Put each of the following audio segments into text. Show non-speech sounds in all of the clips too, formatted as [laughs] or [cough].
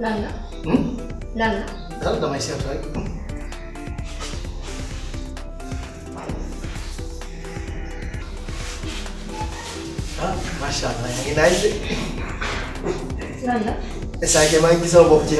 lan la. lan la. dal damay seet rek. ah macha allah yaa ngi naaj de. lan la. est-ce que maa ngi gis sama bopp ci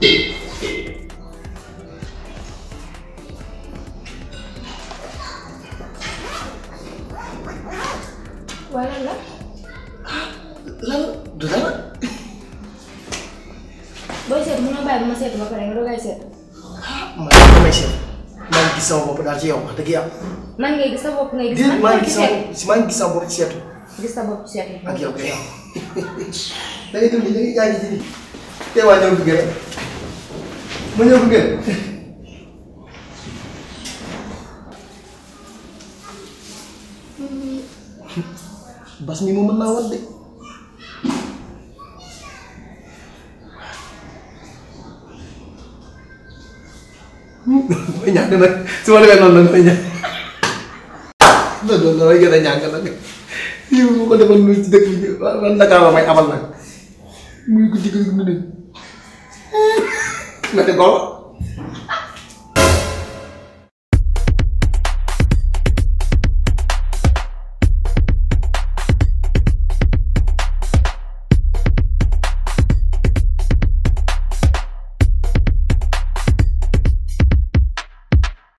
waaw lan la. ah lan du dara. booy seet mën na bàyyi ma pare nga doogay seet. ah man damay seet maa ngi gis sama bopp daal ci yow wax dëgg yàlla. man ngay gis sa man maa ngi gis sama maa ngi gis sama bopp ci seetu. gis sa bopp ci seetu. ak yow kay [laughs] da ngay dund da ngay yaa ngi ji. tey waa ma ñëw ngeen. bas mi mu mën naa wat de. mooy ñàkk nag su ma defee noonu la mooy ñàkk loolu loolu la gën a ñàkk nag yow bu ko defal lu ci dëkk bi man Dakar la may amal nag muy guddi gi mu nga te golo